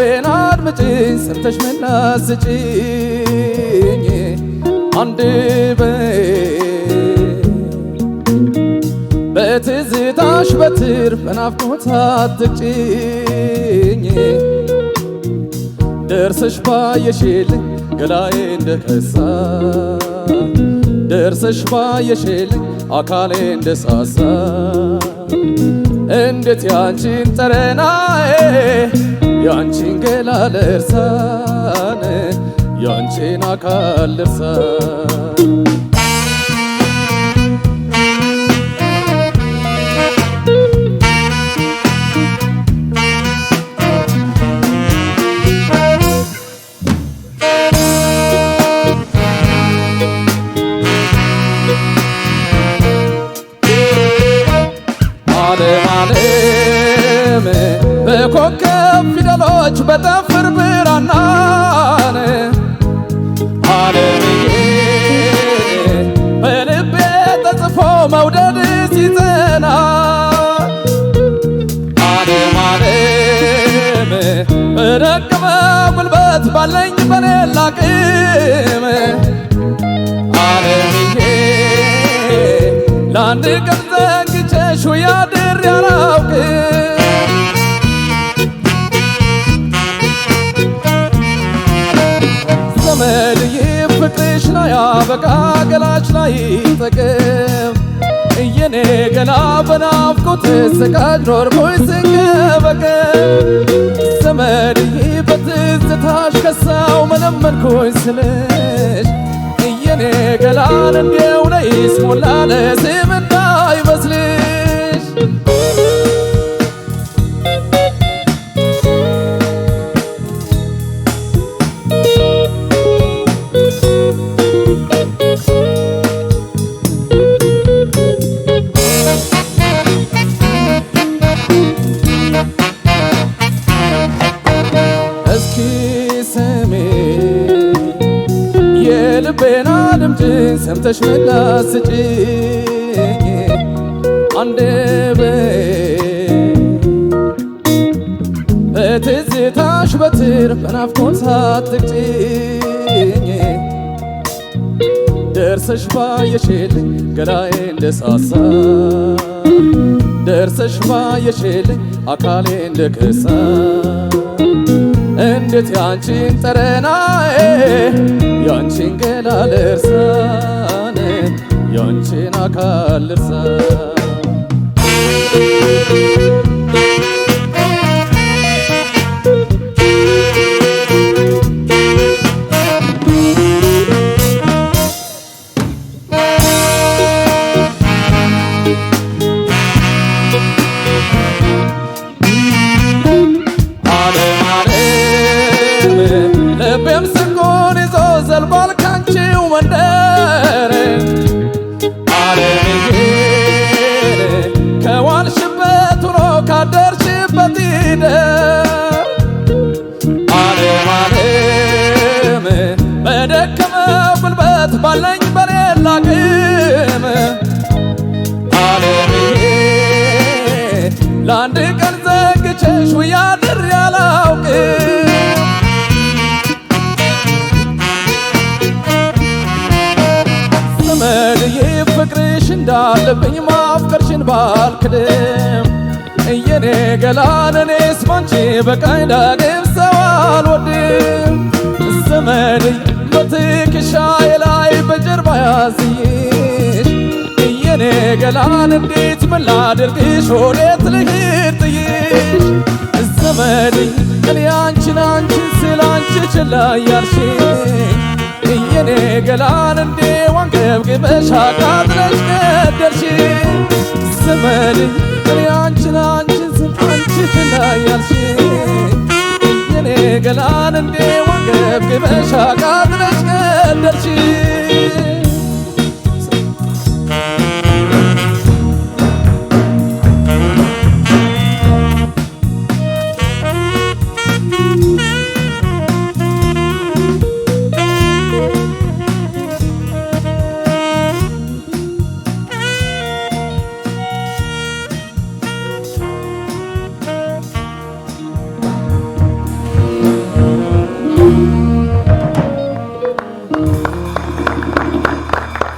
ልቤን አድምጪኝ ሰርተሽ ምላሽ ስጪኝ አንድ በይ በትዝታሽ በትር በናፍቆት አትቅጭኝ ደርሰሽ ባየሽልኝ ገላዬ እንደከሳ ደርሰሽ ባየሽልኝ አካሌ እንደሳሳ እንዴት ያንቺን ጠረናዬ ያንቺን ገላ ልርሳን ያንቺን አካል ልርሳን የኮከብ ፊደሎች በጠፍር ብራናን አለምዬ በልቤ ተጽፎ መውደድ ሲጸና አለም አለም በደከመ ጉልበት ባለኝ በሌላ አቅም አለምዬ ለአንድ ቀን በቃ ገላች ላይ ጥቅም እየኔ ገና በናፍቆት ስቃድ ኖርሞይ ስንገበቀ ዘመድዬ በትዝታሽ ከሳው መለመንኮኝ ስልሽ እየኔ ገላን እንዲው ነይስ ሞላለ ስም እንዳይመስልሽ ልቤና ድምፅሽን ሰምተሽ ምላሽ ስጪኝ አንደበቴ በትዝታሽ በትር በናፍቆት ሳትግጭኝ ደርሰሽ ባየሽልኝ ገላዬ እንደሳሳ ደርሰሽ ባየሽልኝ አካሌ እንደከሳ እንዴት ያንቺን ጠረናዬ ያንቺን ገላ ልርሳን ያንቺን አካል ልርሳን ባለኝ በሌላ አቅም አለምዬ ለአንድ ቀን ዘግቼሽ ውዬ አድሬ አላውቅም ዘመድዬ ፍቅርሽ እንዳለብኝ ማፍቀርሽን ባልክድም እየኔ ገላ ለኔስ ባንቺ በቃኝ ዳግም ሰው አልወድም ዘመድዬ በትከሻዬ ላሳዝንሽ እየኔ ገላን እንዴት ምን ላድርግሽ ወዴት ልሂድ ጥዬሽ እኔ አንቺን አንቺ ችላ እያልሽኝ እየኔ ገላን እንዴ ዋንገብግበሽ አቃጥለሽ እኔ አንቺን አንቺን አንቺ ችላ እያልሽኝ እየኔ ገላን እንዴ ዋንገብግበሽ አቃጥለሽ